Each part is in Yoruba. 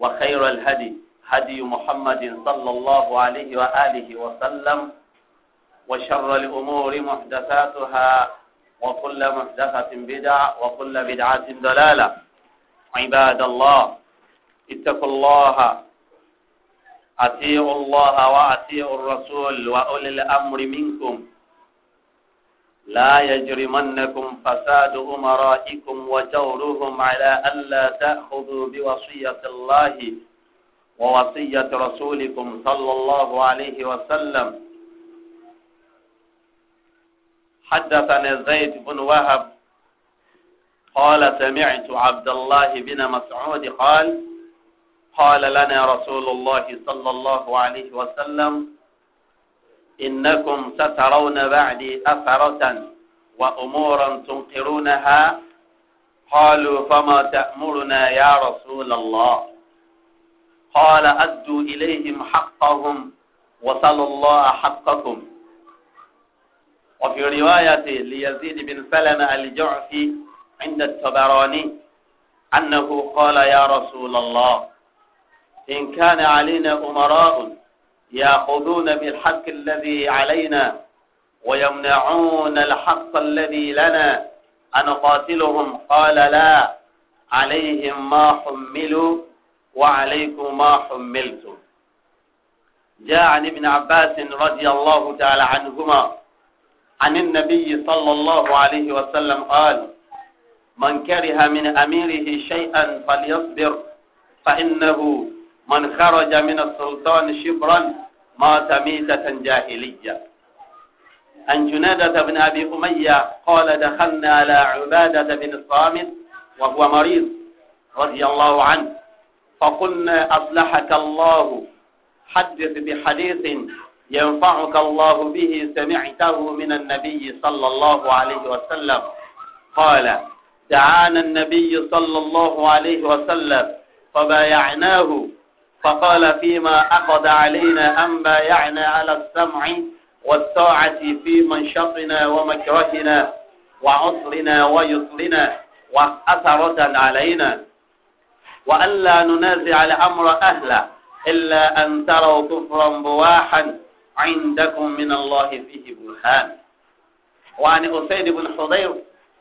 وخير الهدي هدي محمد صلى الله عليه وآله وسلم وشر الأمور محدثاتها وكل محدثة بدعة وكل بدعة ضلالة عباد الله اتقوا الله أطيعوا الله وأطيعوا الرسول وأولي الأمر منكم لا يجرمنكم فساد أمرائكم وجورهم على ألا تأخذوا بوصية الله ووصية رسولكم صلى الله عليه وسلم حدثني زيد بن وهب قال سمعت عبد الله بن مسعود قال قال لنا رسول الله صلى الله عليه وسلم إنكم سترون بعدي أثرة وأمورا تنكرونها قالوا فما تأمرنا يا رسول الله قال أدوا إليهم حقهم وصلوا الله حقكم وفي رواية ليزيد بن سلمة الجعفي عند الطبراني أنه قال يا رسول الله إن كان علينا أمراء يأخذون بالحق الذي علينا ويمنعون الحق الذي لنا أنقاتلهم قال لا عليهم ما حملوا وعليكم ما حملتم جاء عن ابن عباس رضي الله تعالى عنهما عن النبي صلى الله عليه وسلم قال من كره من أميره شيئا فليصبر فإنه من خرج من السلطان شبرا مات ميتة جاهلية عن جنادة بن أبي أمية قال دخلنا على عبادة بن الصامت وهو مريض رضي الله عنه فقلنا أصلحك الله حدث بحديث ينفعك الله به سمعته من النبي صلى الله عليه وسلم قال دعانا النبي صلى الله عليه وسلم فبايعناه فقال فيما أخذ علينا أن بايعنا على السمع والطاعة في منشطنا ومكرهنا وعسرنا ويسرنا وأثرة علينا وأن لا ننازع الأمر أهله إلا أن تروا كفرا بواحا عندكم من الله فيه برهان وعن أسيد بن حضير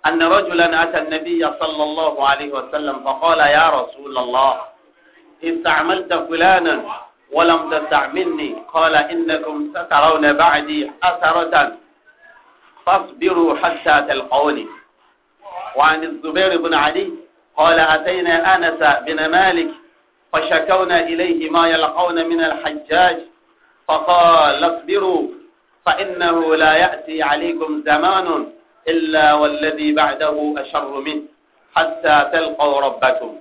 أن رجلا أتى النبي صلى الله عليه وسلم فقال يا رسول الله استعملت فلانا ولم تستعملني قال إنكم سترون بعدي أثرة فاصبروا حتى تلقوني وعن الزبير بن علي قال أتينا أنس بن مالك فشكونا إليه ما يلقون من الحجاج فقال اصبروا فإنه لا يأتي عليكم زمان إلا والذي بعده أشر منه حتى تلقوا ربكم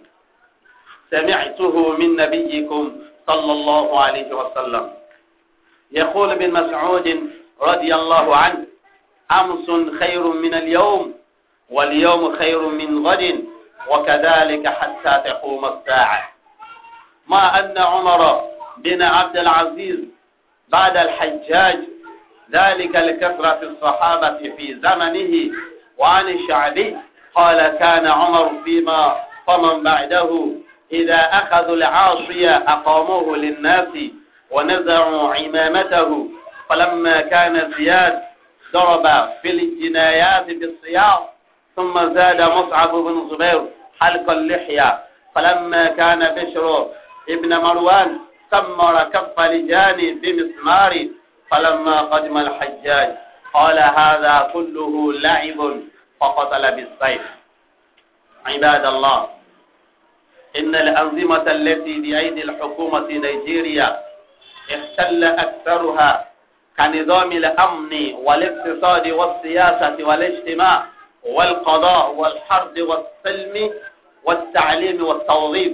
سمعته من نبيكم صلى الله عليه وسلم يقول ابن مسعود رضي الله عنه أمس خير من اليوم واليوم خير من غد وكذلك حتى تقوم الساعة ما أن عمر بن عبد العزيز بعد الحجاج ذلك لكثرة الصحابة في زمنه وعن الشعبي قال كان عمر فيما فمن بعده إذا أخذوا العاصية أقاموه للناس ونزعوا عمامته فلما كان زياد ضرب في الجنايات بالسياط ثم زاد مصعب بن زبير حلق اللحية فلما كان بشر ابن مروان سمر كف لجان بمسمار فلما قدم الحجاج قال هذا كله لعب فقتل بالسيف عباد الله إن الأنظمة التي بأيدي الحكومة نيجيريا اختل أكثرها كنظام الأمن والاقتصاد والسياسة والاجتماع والقضاء والحرب والسلم والتعليم والتوظيف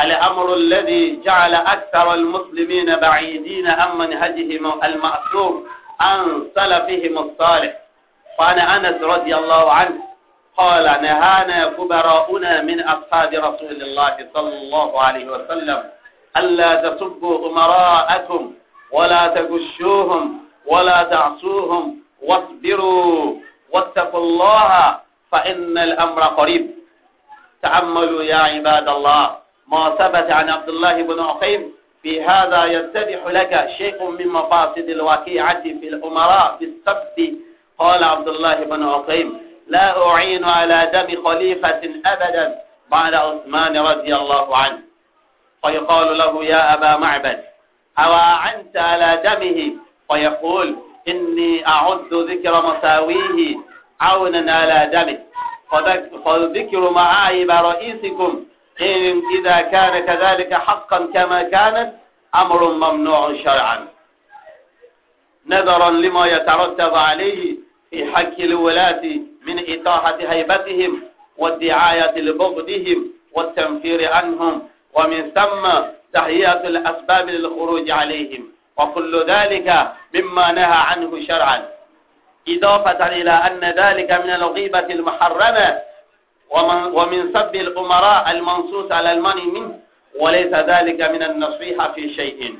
الأمر الذي جعل أكثر المسلمين بعيدين عن منهجهم المأثور عن سلفهم الصالح فأنا أنس رضي الله عنه قال نهانا كبراؤنا من أصحاب رسول الله صلى الله عليه وسلم ألا تسبوا أمراءكم ولا تغشوهم ولا تعصوهم واصبروا واتقوا الله فإن الأمر قريب تأملوا يا عباد الله ما ثبت عن عبد الله بن عقيم في هذا يتضح لك شيء من مفاسد الواقعة في الأمراء في السبت قال عبد الله بن عقيم لا أعين على دم خليفة أبدا بعد عثمان رضي الله عنه فيقال له يا أبا معبد أو أعنت على دمه فيقول إني أعد ذكر مساويه عونا على دمه فذكر معايب رئيسكم إن إذا كان كذلك حقا كما كانت أمر ممنوع شرعا نظرا لما يترتب عليه في حق الولاة من إطاحة هيبتهم والدعاية لبغضهم والتنفير عنهم ومن ثم تهيئة الأسباب للخروج عليهم وكل ذلك مما نهى عنه شرعا إضافة إلى أن ذلك من الغيبة المحرمة ومن, ومن سب الأمراء المنصوص على المنع منه وليس ذلك من النصيحة في شيء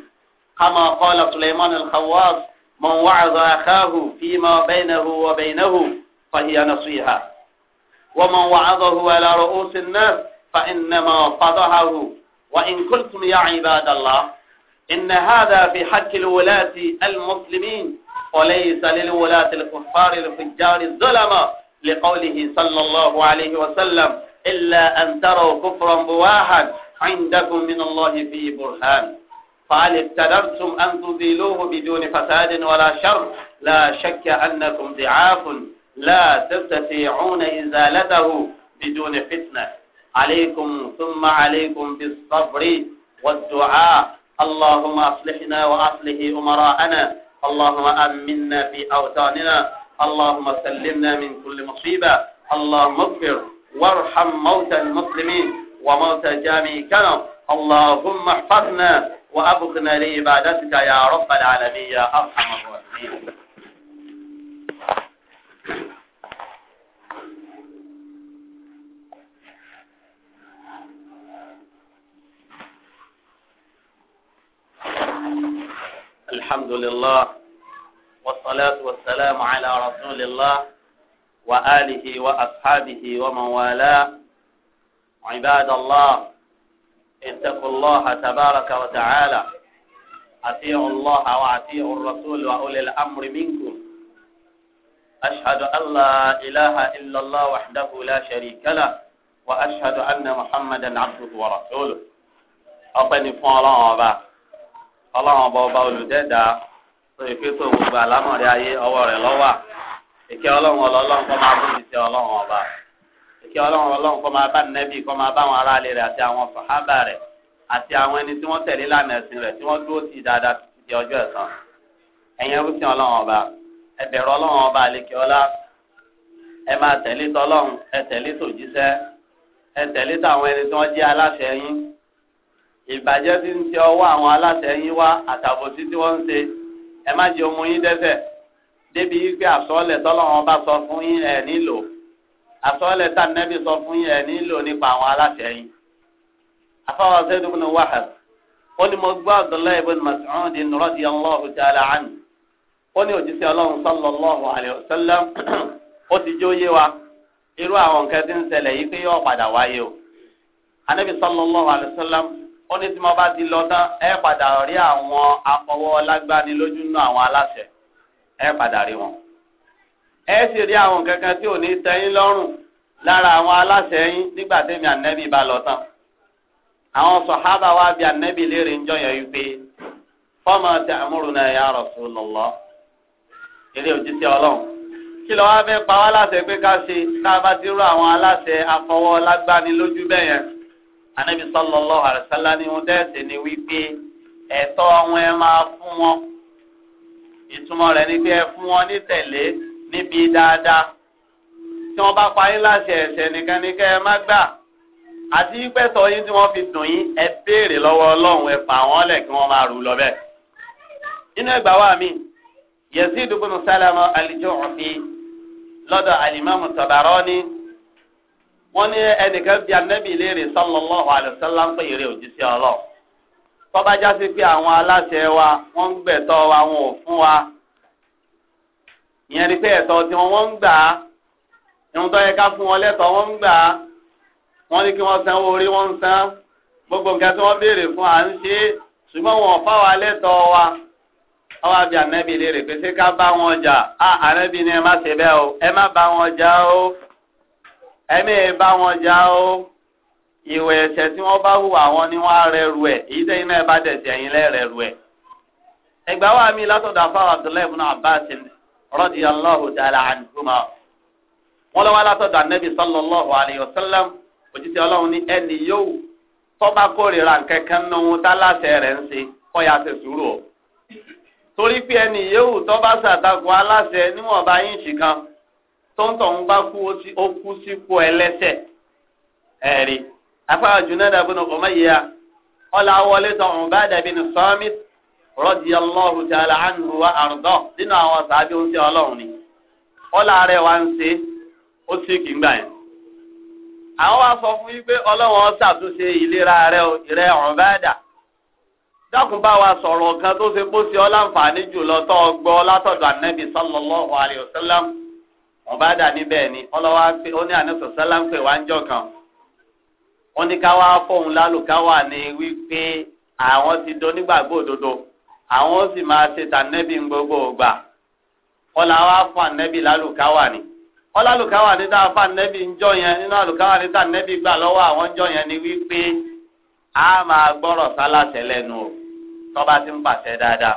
كما قال سليمان الخواص من وعظ أخاه فيما بينه وبينه فهي نصيحة ومن وعظه على رؤوس الناس فإنما فضحه وإن قلتم يا عباد الله إن هذا في حق الولاة المسلمين وليس للولاة الكفار الفجار الظلمة لقوله صلى الله عليه وسلم إلا أن تروا كفرا بواحا عندكم من الله فيه برهان فهل ابتدرتم أن تذيلوه بدون فساد ولا شر لا شك أنكم ضعاف لا تستطيعون إزالته بدون فتنة عليكم ثم عليكم بالصبر والدعاء اللهم أصلحنا وأصلح أمراءنا اللهم أمنا في أوطاننا اللهم سلمنا من كل مصيبة اللهم اغفر وارحم موتى المسلمين وموتى جامعي كرم اللهم احفظنا وأبقنا لعبادتك يا رب العالمين يا أرحم الراحمين الحمد لله والصلاة والسلام على رسول الله وآله وأصحابه ومن والاه عباد الله اتقوا الله تبارك وتعالى أطيعوا الله وأطيعوا الرسول وأولي الأمر منكم أشهد أن لا إله إلا الله وحده لا شريك له وأشهد أن محمدا عبده ورسوله أبني فالان أبا فالان أبا أبا ولددا سيكتو مبالا مريا أوري لوا إكي ألون ولولون فما أبني سي ألون أبا kí ọlọ́run ọlọ́run kọ́ máa bá nẹ́bí kọ́ máa bá àwọn ará ilé rẹ̀ àti àwọn sàhábà rẹ̀ àti àwọn ẹni tí wọ́n tẹ̀lé lànà ẹ̀sìn rẹ̀ tí wọ́n dúró ti dáadáa ti ọjọ́ ẹ̀san ẹ̀yin ẹrú sí ọlọ́run ọba ẹ bẹ̀rù ọlọ́run ọba àlekè ọlá ẹ máa tẹ̀lé tọlọ́run ẹ tẹ̀lé tòjíṣẹ́ ẹ tẹ̀lé tàwọn ẹni tí wọ́n jẹ́ aláṣẹ yín ìbàjẹ́ tí ń ti ọwọ́ àwọn aláṣẹ yín wá àtàbòsí tí wọ́n ń ṣe ẹ má jẹ́ ọmọ yín dẹ́ṣẹ̀ débi wípé àsọ́ọ̀lẹ̀ tọ́lọ́run ọba sọ fún yín ẹ̀ nílò àsọlẹ̀ tá nẹ́bí sọ fún yẹn nílò nípa àwọn aláṣẹ yìí afáwọn sẹ́dùn ní wàhálà ó ní mo gbọ́ Abdullahi ibn Mas'ud radiyallahu ta'ala anhu ó ní òjíṣẹ́ ọlọ́run sallallahu alayhi wa sallam ó ti jó yé wa irú àwọn nǹkan tí ń ṣẹlẹ̀ yìí pé yóò padà wáyé o anabi sallallahu alayhi wa sallam ó ní tí mo bá ti lọ tán ẹ padà rí àwọn afọwọ́lágbani lójú nínú àwọn aláṣẹ ẹ padà rí wọn ẹ sì rí àwọn kankan tí ò ní tẹ́yìn lọ́rùn lára àwọn aláṣẹ yín nígbà tẹ́mi ànẹ́bí bá lọ tán àwọn sọ̀hábà wa bí ànẹ́bí léèrè ń jọyọ̀ yìí pé fọ́mọ ti àmúrùnà ya Rasulullah ilé òjíṣẹ́ ọlọ́run kí ló wá fẹ́ pa wá láṣẹ pé ká ṣe tá a bá ti rú àwọn aláṣẹ afọwọ́ lágbáni lójú bẹ́ẹ̀ yẹn anabi sallallahu alaihi wasallam ni wọn dẹ́sẹ̀ ni wípé ẹ̀tọ́ wọn máa fún wọn ìtumọ̀ rẹ̀ ni pé ẹ fún wọn ní níbi dáadáa tí wọ́n bá parí láti ẹ̀ṣẹ̀ nìkan ní kẹ́ ẹ má gbà àti pẹ́tọ́ yín tí wọ́n fi dùn yín ẹ béèrè lọ́wọ́ ọlọ́run ẹ fà wọ́n lẹ̀ kí wọ́n máa rù lọ bẹ́ẹ̀. inú ẹgbà wa mi Yazid ibn Salama al-Ju'fi lọ́dọ̀ alimami Tabarani wọ́n ní ẹnìkan bí anabi léèrè sallallahu alaihi wasallam pé èrè òjíṣẹ́ ọlọ́ tọ́bajá sí pé àwọn aláṣẹ wa wọ́n ń gbẹ̀tọ́ wa wọn ò fún wa ìyẹn ni pé ẹ̀tọ́ tí wọ́n ń gbà á ìhun tó yẹ ká fún wọn lẹ́tọ̀ọ́ wọ́n ń gbà á wọ́n ní kí wọ́n san owó orí wọ́n ń san gbogbo nǹkan tí wọ́n béèrè fún à ń ṣe é ṣùgbọ́n wọn ò fáwọn alẹ́tọ̀ọ́ wa ọwọ́ àbí ànábì léèrè pé ṣé ká bá wọn jà á ànábì ni ẹ má ṣe bẹ́ẹ̀ o ẹ má bá wọn jà o ẹ má bá wọn jà o ìwẹ̀ ẹ̀ṣẹ̀ tí wọ́n bá hùwà wọn ni wọ́n á rẹrù ẹ̀ èyí tẹ́yìn náà bá dẹ̀ sí ẹ̀yìn ẹ̀ ẹgbàá mi látọ̀dọ̀ afáwà Abdullahi ibn Abbas رضي الله تعالى عنهما. ولا wá látọ̀dọ̀ النبي صلى الله عليه وسلم òjijì Ọlọ́run ní ẹni yóò tọba kórìíra kankan nínú tálàṣẹ rẹ̀ ń ṣe kọ ya ṣe sùúrù o torí pé ẹni yóò tọba ṣàtàkùn aláṣẹ níwọ̀nba yín ṣìkan tóńtọ̀ ń bá kú ó kú sípò ẹlẹ́ṣẹ̀ ẹ̀rí afárá Junada bin Umayya ọ̀là wọlé tán ọ̀bá dàbí ní sọ́mìtì. radiyallahu ta'ala anhu wa àrùdọ nínú àwọn sàábí oúnjẹ Ọlọ́run ni ọlá rẹ wá ń ṣe ó sì kì í gbà yẹn àwọn wa sọ fún yín pé Ọlọ́run ṣàtúnṣe ìlera rẹ rẹ ọ̀rùn bá dà dákun bá wa sọ̀rọ̀ kan tó ṣe bó ṣe ọ láǹfààní jùlọ tó gbọ́ látọ̀dọ̀ wa ọba dà níbẹ̀ ni ọlọ́wà pé ó ní àníṣe ń pè wá ń jọ kan wọ́n ní ká fóun lálùkáwà ní wípé àwọn ti do nígbàgbọ́ òdodo àwọn sì máa ṣe tànẹ́bì gbogbo ògbà wọn là fún lálùkáwà ni a fún ńjọ yẹn nínú àlùkáwà ní gbà lọ́wọ́ àwọn ńjọ yẹn ni wípé a máa gbọ́rọ̀ sálàsẹ̀ lẹ́nu o tọ́ba ti ń pàṣẹ dáadáa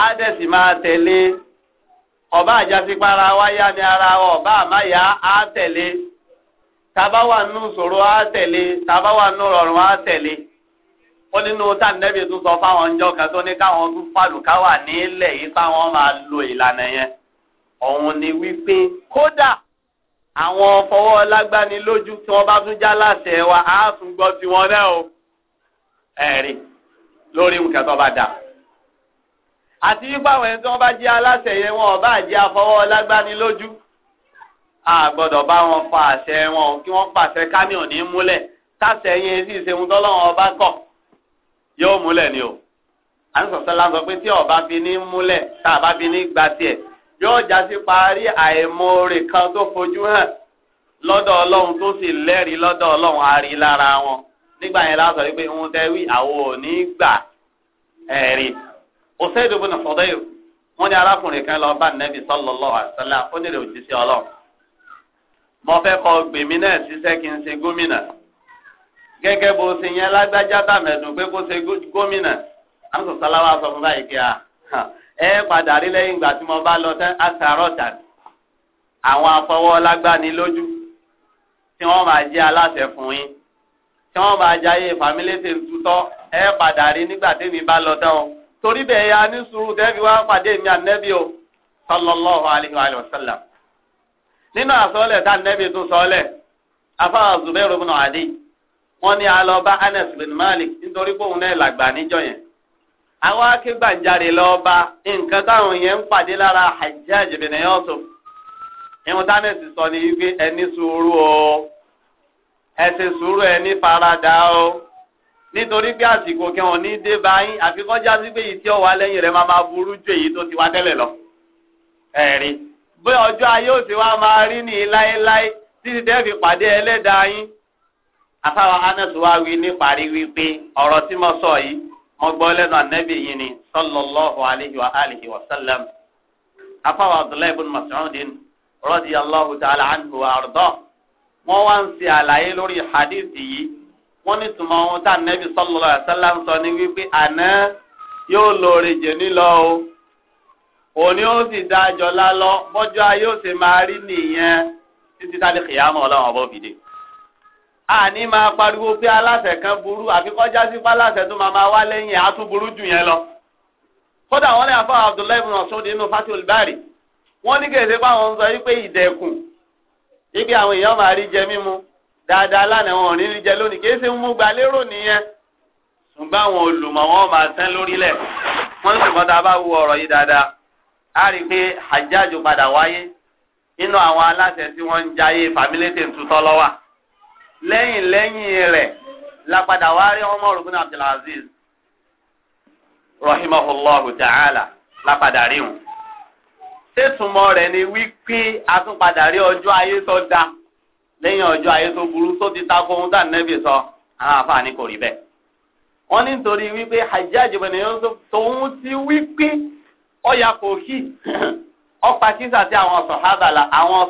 á dẹ̀ sì ọba ọba á tẹ̀lé nù sòrò á tẹ̀lé nù rọrùn ó nínú tá nẹ́bí tún sọ fáwọn ọjọ́ kan tó ní káwọn tún fàlùkà wà nílẹ̀ yìí táwọn máa lo ìlànà yẹn òun ni wípé kódà àwọn fọwọ́ lágbani tí wọ́n bá tún já láṣẹ wa á tún gbọ́ tiwọn náà o ẹ̀rí lórí nǹkan tó bá dà àti wípé àwọn ẹni tí wọ́n bá jẹ́ aláṣẹ yẹn wọn ò bá afọwọ́ lágbani a gbọ́dọ̀ bá wọn fa àṣẹ wọn kí wọ́n pàṣẹ kámi ò ní múlẹ̀ táṣẹ yẹn sì ṣe ń tọ́lọ́wọ́n ọba kọ̀ yóò múlẹ̀ ni o àǹsọ̀sọ́ la sọ pé tí ọba fi ní múlẹ̀ tá a bá fi ní gba tiẹ̀ yóò jásí parí àìmoore kan tó fojú hàn lọ́dọ̀ ọlọ́run tó sì lẹ́rìí lọ́dọ̀ ọlọ́run àrí lára wọn nígbà yẹn la sọ pé òun tẹ́ wí àwọn ò ní gbà ẹ̀rí Usayd ibn Hudayr wọ́n ní arákùnrin kan lọ bá nẹ́bí sallallahu alaihi wasallam ó nílò òjíṣẹ́ ọlọ́run mo fẹ́ kọ gbèmí náà ṣiṣẹ́ kí n ṣe gómìnà gẹ́gẹ́ bó ṣe yẹn lágbájá tàmẹ̀dùn pé bó ṣe gómìnà amúsọ̀sálá wa sọ fún báyìí kí a ah, ah, ẹ padà rí lẹ́yìn ìgbà tí mo bá lọ tán àṣàrọ̀tà àwọn afọwọ́ tí wọ́n máa jẹ́ aláṣẹ fún yín tí wọ́n máa jayé fàmílétè tutọ́ ẹ padà rí nígbà tí mi bá lọ tán o torí bẹ́ẹ̀ ya ní sùúrù tẹ́bi wá pàdé mi ànẹ́bí o sallallahu alayhi wa sallam nínú àsọlẹ̀ tá ànẹ́bí tún sọlẹ̀ afáwà Zubairu bin Adi. wọn ní a lọ bá bin Malik nítorí pé òun náà làgbà níjọ́ yẹn àwọn akégbàjáde lọ bá nǹkan táwọn yẹn ń pàdé lára Hajjaj bin Yusuf ìwọ̀n Anas sọ ni wípé ẹni sùúrù o ẹ ṣe sùúrù ẹni faradà o nítorí pé àsìkò kẹwọn ní dé báyìí àfikọ́jà sí pé yìí tí ó wà máa máa burú ju èyí tó ti wá tẹ́lẹ̀ lọ. ẹ̀rí bí ọjọ́ ayé òsì wa máa rí ní láéláé títí tẹ́ fi pàdé ẹlẹ́dàá yín afáwọn anas wa wí níparí wípé ọ̀rọ̀ tí mo sọ yìí mo gbọ́ lẹ́nu anabi yìí ni sallallahu alayhi wa alihi wa sallam afáwọn abdullahi ibn mas'udin radiyallahu ta'ala anhu wa arda wọ́n wá ń ṣe àlàyé lórí hadith yìí wọ́n ní tùmọ̀ ohun tá anabi sallallahu alayhi wa sallam sọ ni wípé àná yóò lóore jẹ nílọ o òní ó sì dájọ́ lálọ́ bọ́jọ́ ayé ó sì máa rí nìyẹn títí tá a lè kìyàmọ́ ọlọ́run ọba òbí dé àní máa pariwo pé aláṣẹ kan burú àfi kọjá sí pálásẹ tó máa máa wá lẹ́yìn àtúburú jù yẹn lọ. kódà wọn lè fọ Abdullahi ibn Mas'ud nínú Fathul Bari wọn ní kèsì báwọn ń sọ wípé ìdẹkùn ibi àwọn èèyàn máa rí jẹ mímu dáadáa lánàá wọn ò ní rí jẹ lónìí kì í ṣe mú gba lérò nìyẹn. ṣùgbọ́n àwọn olùmọ̀ wọn máa tán lórílẹ̀ wọ́n sì mọ́ tá a bá wo ọ̀rọ̀ yìí dáadáa á rí i pé àjájò padà wáyé nínú àwọn aláṣẹ tí wọ́n ń jayé fàmílétè ń tutọ́ lọ́wọ́ lẹ́yìn lẹ́yìn rẹ̀ lápadà wá rí Umar ibn Abdul Aziz rahimahullahu ta'ala lápadà rí wọn. sẹ́tùmọ̀ rẹ̀ ni wípé atúnpadà rí ọjọ́ ayé tó da lẹ́yìn ọjọ́ ayé tó burú tó ti takò ohun tá nẹ́bì sọ àwọn àfààní kò rí bẹ́ẹ̀. wọ́n ní nítorí wípé Hajjaj ibn Yusuf tòun ti wípé ọ̀yà kò kí ọ̀pá kíkà sí àwọn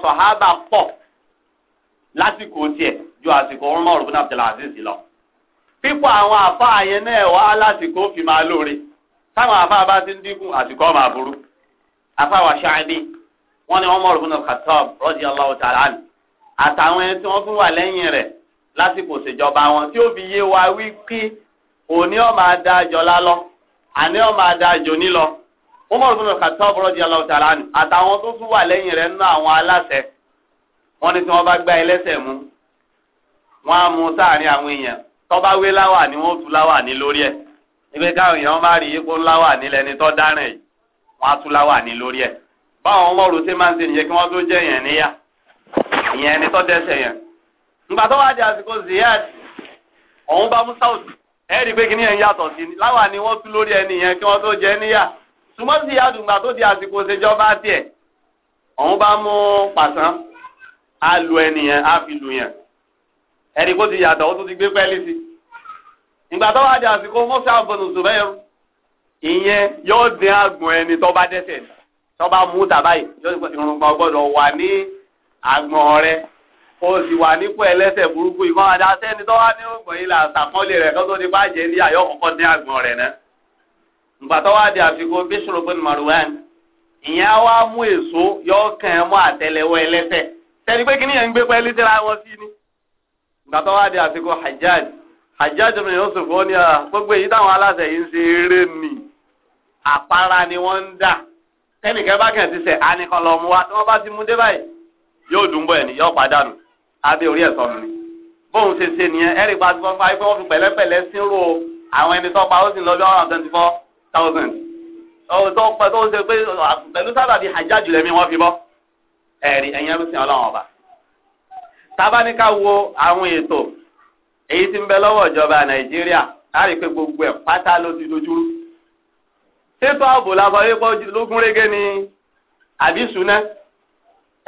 sọ̀hábà pọ̀ lásìkò tiẹ̀ ju àsìkò Umar ibn Abdul Aziz lọ pípọ̀ àwọn àfáà yẹn náà wá lásìkò fi máa lóore táwọn àfáà bá ti ń dínkù àsìkò máa burú àfáà wa Sha'bi wọ́n ní Umar ibn Khattab radiyallahu ta'ala anhu àtàwọn ẹni tí wọ́n tún wà lẹ́yìn rẹ̀ lásìkò ìṣèjọba wọn tí ó fi yé wa wí pé òní ọmọ adájọ lálọ àní ọmọ adájọ nílọ Umar ibn Khattab radiyallahu ta'ala anhu àtàwọn tó tún wà lẹ́yìn rẹ̀ nínú àwọn aláṣẹ wọ́n ní tí wọ́n bá gbá ẹlẹ́sẹ̀ mú wọ́n á mú sáàrin àwọn èèyàn tọ́ba wé láwà ni wọ́n tú láwà ní lórí ẹ̀ ibi káwọn èèyàn bá rí ipò láwà ní lẹni tó dáràn yìí wọ́n á tú láwà ní lórí ẹ̀ báwọn ọmọọrù ṣe máa ń ṣe nìyẹn kí wọ́n tó jẹ́ èèyàn níyà ìyẹn ẹni tó dẹ́sẹ̀ yẹn. nígbà tó wá di àsìkò Ziyad òun bá mú south ẹ rí i pé kí nìyẹn yàtọ̀ sí i láwà ni wọ́n tú lórí ẹni yẹn kí wọ́n tó jẹ́ níyà súnmọ́ Ziyad gbà tó di àsìkò ṣèjọba tiẹ̀ òun bá mú pàṣán á lu ẹni á fi lu yẹn ẹni kó ti yàtọ̀ ó tún ti gbé pẹ́ẹ́lí sí ìgbà tó wà di àsìkò mọ́sá bọ̀nù sùbẹ́yọ ìyẹn yóò dín àgbọ̀n ẹni tó bá dẹ́sẹ̀ tó bá mú tàbá yìí ìrùngbọ̀n gbọ́dọ̀ wà ní àgbọ̀n rẹ̀ ó sì wà nípò ẹlẹ́sẹ̀ burúkú ìkan àdá sẹ́ni tó wá ní ògbọ̀n yìí là sàkọ́lé rẹ̀ kótó ti bàjẹ́ ní àyọ̀ kọ̀ọ̀kan dín àgbọ̀n rẹ̀ náà ìgbà tó wà àsìkò bíṣọ̀rọ̀ bọ́n Marwan ìyẹn á wá mú èso yọ kàn án mọ́ àtẹlẹwọ́ ẹlẹ́sẹ̀ sẹ́ni pé kí gbàtọ́ wá di àsìkò hajjaj hajjaj mi yóò sùn fún ní gbogbo èyí táwọn aláṣẹ yìí ń ṣe eré ni àpárá ni wọ́n ń dà tẹnìkẹ́ bá kẹ̀ ti sẹ̀ anìkan lọ mú wa tí wọ́n bá ti mú dé báyìí yóò dùn bọ̀ ẹ̀ ní yóò pàdánù abẹ́ orí ẹ̀sọ́ mi bóun ṣe ṣe nìyẹn ẹ̀rì pa tuntun fún ayípẹ́ wọ́n fi pẹ̀lẹ́pẹ̀lẹ́ sínú àwọn ẹni tó pa ó sì lọ bí one hundred twenty four thousand tó pẹ́ tó ṣe pé pẹ̀lú sábàbí hajjaj lẹ́mí wọ́n fi bọ́ ẹ̀rì ẹ̀yẹn ló sìn ọlọ́run ọba tábánikà wo àwọn ètò èyí tí ń bẹ lọ́wọ́ ìjọba nàìjíríà láti pé gbogbo ẹ̀ pátá ló ti dojúrú ṣètò ààbò làbọ̀ yípo lógún régé ni àbí suná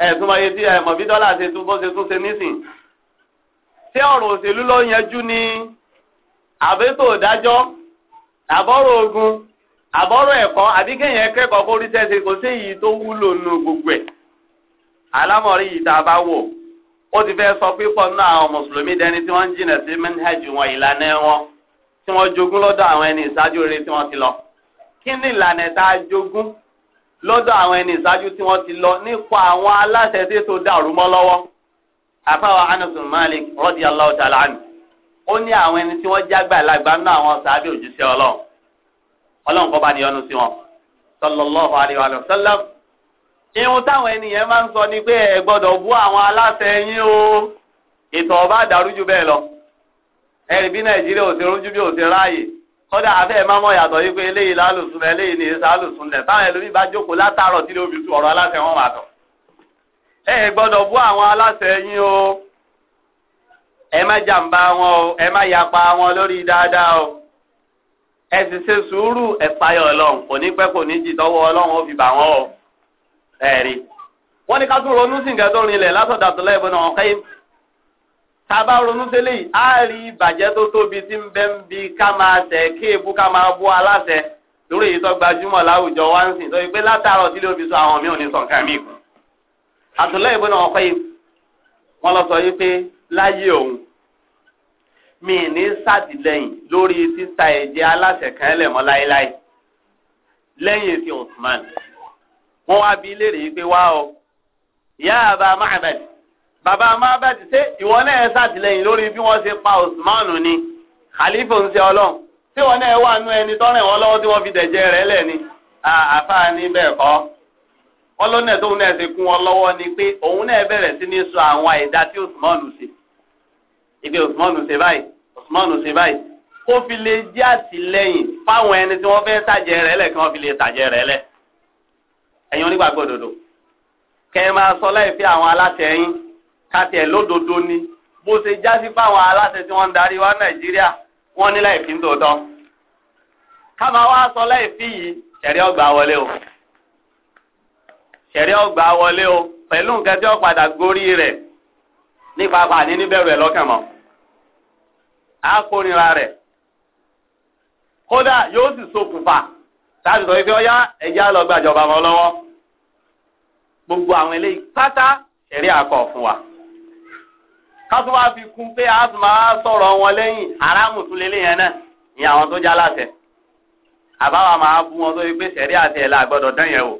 ẹ̀sùn ọyẹ tí ẹ̀mọ̀ bí dọ́là ṣe tún bó ṣe tún ṣe nísìn ṣé ọ̀rọ̀ òṣèlú ló yanjú ni àbẹ́tò ìdájọ́ àbọ̀rọ̀ ogun àbọ̀rọ̀ ẹ̀kọ́ àbí kéèyàn kẹ́kọ̀ọ́ kó rí sẹ́sẹ̀ kò sí èyí tó wúlò nù gbogbo ẹ̀ alámọ̀rí yìí tá a bá wò ó ti fẹ́ sọ pípọ̀ náà àwọn mùsùlùmí dẹni tí wọ́n ń jìnà sí mẹ́nhẹ́jù wọn ìlànà wọn tí wọ́n jogún lọ́dọ̀ àwọn ẹni ìṣáájú rere tí wọ́n ti lọ. kí ni ìlànà tá a jogún lọ́dọ̀ àwọn ẹni ìṣáájú tí wọ́n ti lọ nípa àwọn aláṣẹ tí tó dàrú mọ́ lọ́wọ́. àfáwọn anasun malik radiyallahu ta'ala anhu ó ní àwọn ẹni tí wọ́n jágbà lágbà nínú àwọn sàábì òjíṣẹ́ ọlọ́run ọlọ́run kọ́ bá ní yọ́nú sí wọn sallallahu alaihi wa sallam irun táwọn ènìyàn máa ń sọ ni pé ẹ gbọ́dọ̀ bú àwọn aláṣẹ yín o ètò ọba àdàrújú bẹ́ẹ̀ lọ ẹ̀rì bí nàìjíríà ò ti rújú bí ò ti ráàyè kódà afẹ́ ẹ̀ máa mọ̀ yàtọ̀ yí pé eléyìí lálùsùn lẹ̀ eléyìí nìyẹn sálùsùn lẹ̀ táwọn ẹlòmíì bá jókòó látàárọ̀ tí lóbi tu ọ̀rọ̀ aláṣẹ wọn máa ẹ gbọ́dọ̀ bú àwọn aláṣẹ yín o ẹ má jàǹbá wọn o ẹ má yapa wọn lórí dáadáa o ẹ sì ṣe sùúrù ẹ payọ̀ ọlọ́run kò ní pẹ́ kò ní jì tọ́wọ́ ó fi bà wọ́n o ẹ̀rí wọ́n ní ká tún ronú sí nǹkan tó rinlẹ̀ látọ̀dọ̀ àtúnlẹ̀ ìbọn náà ọ̀kẹ́ tá a bá ronú sílẹ̀ yìí á rí ìbàjẹ́ tó tóbi tí ń bẹ ń bi ká máa tẹ̀ kéèbú ká máa bú aláṣẹ lórí èyí tó gbajúmọ̀ láwùjọ wá ń sìn tó yẹ pé látàárọ̀ tí ló fi sọ àwọn mi ò ní sọ nǹkan mi kù àtúnlẹ̀ ìbọn náà ọ̀kẹ́ wọ́n lọ sọ yìí pé láyé òun mi ní sàtìlẹ́yìn lórí títa ẹ̀jẹ̀ aláṣẹ kan lẹ̀ láéláé lẹ́yìn ti Usman wọ́n wá bí léèrè yìí pé wá o ìyá àbá Ma'bad bàbá Ma'bad ṣé ìwọ náà ṣàtìlẹ́yìn lórí bí wọ́n ṣe pa Usman ni khalifa ń ṣe Ọlọ́run tí wọ́n náà wà nú ẹni tọrẹ wọn lọ́wọ́ tí wọ́n fi dẹ̀jẹ̀ rẹ̀ lẹ ni àfa ní bẹ́ẹ̀ kọ́ wọn ló náà tóun náà ṣe kún wọn lọ́wọ́ ni pé òun náà bẹ̀rẹ̀ sí ní sọ àwọn àìdá tí Usman ṣe ìgbé Usman ṣe báyìí Usman ṣe báyìí kó fi lè jẹ́ àtìlẹ́yìn fáwọn ẹni tí wọ́n fẹ́ tàjẹ̀ rẹ̀ lẹ̀ kí wọ́n fi lè tàjẹ̀ rẹ̀ lẹ̀ ẹ̀yin onígbàgbọ́ òdodo kẹ́ ẹ máa sọ láì fi àwọn aláṣẹ yín káti ẹ̀ lódodo ni bó ṣe jásí fáwọn aláṣẹ tí wọ́n ń darí wá nàìjíríà wọ́n ní láì fi ń tòótọ́ ká máa wá sọ láì fi yìí ṣẹ̀rí ọgbà wọlé o ṣẹ̀rí ọgbà wọlé o pẹ̀lú nǹkan tí ó padà gorí rẹ̀ nípa àní níbẹ̀rù ẹ̀ lọ́kàn mọ́ á kórìíra rẹ̀ kódà yóò sì ṣokùnfà táàbì sọ wípé ọyá ẹjẹ á lọ gbàjọba wọn lọ́wọ́ gbogbo àwọn eléyìí pátá ẹ̀rí àkọ fún wa kátó wá fi kún pé a tún máa sọ̀rọ̀ wọn lẹ́yìn aráàmù tún lélẹ̀ yẹn náà ní àwọn tó já láṣẹ àbáwá máa bú wọn tó yẹ pé sẹ̀rí àti ẹ̀la gbọ́dọ̀ dán yẹn o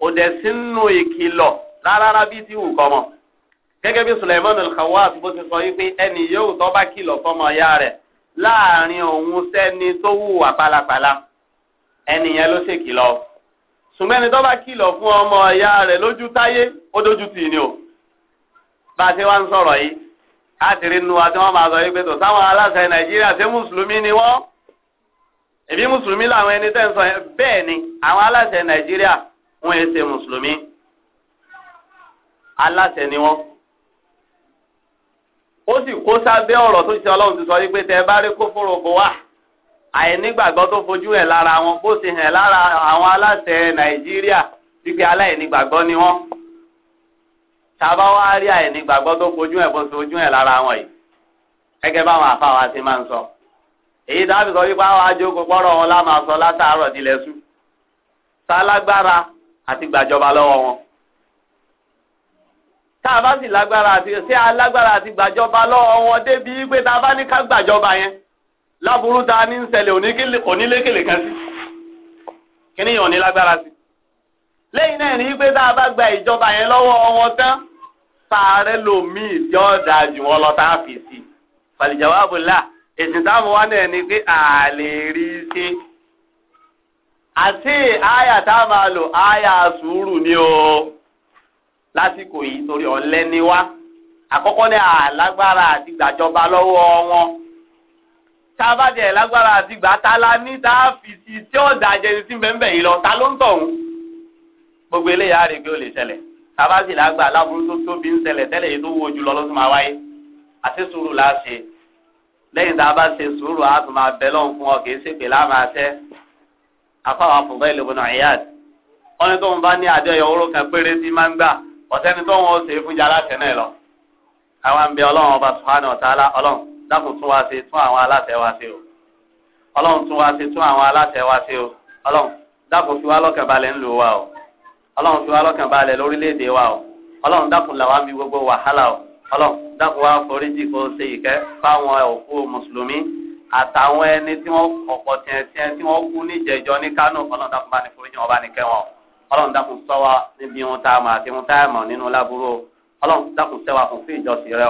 kò dẹ̀ sínú ìkìlọ̀ rárá bí ti wù kọ́mọ gẹ́gẹ́ bí Suleiman al-Khawwas ti sọ wípé ẹnì yóò tó bá kìlọ̀ fọmọ ya rẹ̀ láàrin òun sẹ́ni tó wù wà pálapàla ẹnìyẹn ló ṣe kìlọ̀ sùmẹ́ni tó bá kìlọ̀ fún ọmọ ìyá rẹ̀ lójú táyé ó dójú tì ní o bá a ṣe wá ń sọ̀rọ̀ yìí á ti rí nu wa tí wọ́n máa sọ wípé tó sáwọn aláṣẹ nàìjíríà ṣé mùsùlùmí ni wọ́n ìbí mùsùlùmí làwọn ẹni tẹ́ ń sọ yẹn bẹ́ẹ̀ ni àwọn aláṣẹ nàìjíríà wọn ẹ ṣe mùsùlùmí aláṣẹ ni wọ́n ó sì kó sábẹ́ ọ̀rọ̀ tó ṣe ọlọ́run ti sọ wípé tẹ́ bá rí kófóró bò wá àìnígbàgbọ́ tó fojú ẹ̀ lára wọn bó ti hàn lára àwọn aláṣẹ nàìjíríà wípé aláìnígbàgbọ́ ni wọ́n tàbá wá rí àìnígbàgbọ́ tó fojú ẹ̀ bó ti fojú ẹ̀ lára wọn yìí gẹ́gẹ́ báwọn àfa wa ti máa ń sọ èyí dábì sọ wípé àwọn ajókòó pọ́rọ̀ wọn lá máa sọ látàárọ̀ dilẹ̀ sùn sálágbára àti gbàjọba lọ́wọ́ wọn tá a bá sì lágbára àti alágbára àti gbàjọba lọ́wọ́ wọn débi pé tá a bá ní ká gbàjọba yẹn láburú ta ní ń ṣẹlẹ̀ onílékèlè kan sí kíníyàn ò ní lágbára sí lẹ́yìn náà ní pé tá a bá gba ìjọba yẹn lọ́wọ́ wọn tán sáré lomiin yóò da jù wọn lọ tá a fi sí i fàlìjàwábù là èsì táwọn wá náà ni pé a lè rí i àti àyà tá a máa lò àyà sùúrù ni o lásìkò yìí torí ọ̀lẹ́ ni wá àkọ́kọ́ ní àlágbára àti gbàjọba lọ́wọ́ wọn tá a bá jẹ lágbára la ní tá a fi si tí ó dà jẹ sí bẹ́ẹ̀ yìí lọ ta ló ń tọ̀hún gbogbo eléyà rè pé ó lè ṣẹlẹ̀ tá a bá sì lágbà aláburú tó tóbi ń ṣẹlẹ̀ tẹ́lẹ̀ yìí tó wo jù lọ ló tún máa wáyé àti sùúrù la ṣe lẹ́yìn tá a bá ṣe sùúrù a tún máa bẹ lọ́hùn fún ọ kì í ṣe pé láàmú àṣẹ afáwọn afọ̀gbẹ́ ìlú bọ̀nà ìyáàd wọn ní tóun bá ní àjọyọ̀ oró kan péré tí máa ń gbà ọ̀sẹ́ni tóun ó ṣe é fún jàlá tẹ́lẹ̀ lọ àwọn àmì ọlọ́run ọba subhanahu wa ta'ala ọlọ́run dákun tún wá ṣe tún àwọn aláṣẹ wa ṣe o ọlọ́run tún wá ṣe tún àwọn aláṣẹ wa ṣe o ọlọ́run dákun fi wá lọ́kàn balẹ̀ ńlò wa o ọlọ́run fi wá lọ́kàn balẹ̀ lórílẹ̀‐èdè wa o ọlọ́run dákun làwa mi gbogbo wàhálà o ọlọ́run dákun wá foríjì kó ṣe ìkẹ́ fáwọn òkú mùsùlùmí àtàwọn ẹni tí wọ́n ọ̀pọ̀ tiẹ̀ tiẹ̀ tí wọ́n kú níjẹ̀jọ́ ní Kánò ọlọ́run dákun bá ní foríjì wọn bá ní kẹ́ wọn ọlọ́run dákun ṣọ́ wa níbi ohun tá a mọ̀ àti a mọ̀ nínú lábúrò ọlọ́run dákun ṣẹ́ wa fún fún ìjọsìn rẹ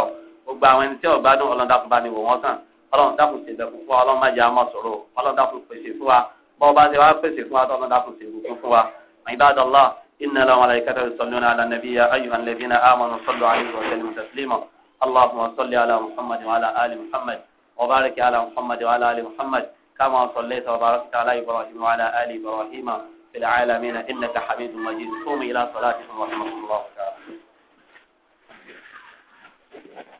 gbogbo àwọn ẹni tí ọba dùn ọlọ́run dákun bá ní wò wọ́n kàn ọlọ́run dákun ṣe dẹkùn fún wa ọlọ́run má jẹ́ àmọ́ sọ̀rọ̀ ọlọ́run dákun pèsè fún wa bọ́ọ̀ bá ṣe wá pèsè fún wa ọlọ́run dákun ṣe ìbùkún fún wa ibadallah inna la malaikata yusalluna ala nabiyya ayyuhal ladhina amanu sallu alayhi wa sallimu taslima allahumma salli العالمين إنك حميد مجيد قوم إلى صلاتكم رحمة الله تعالى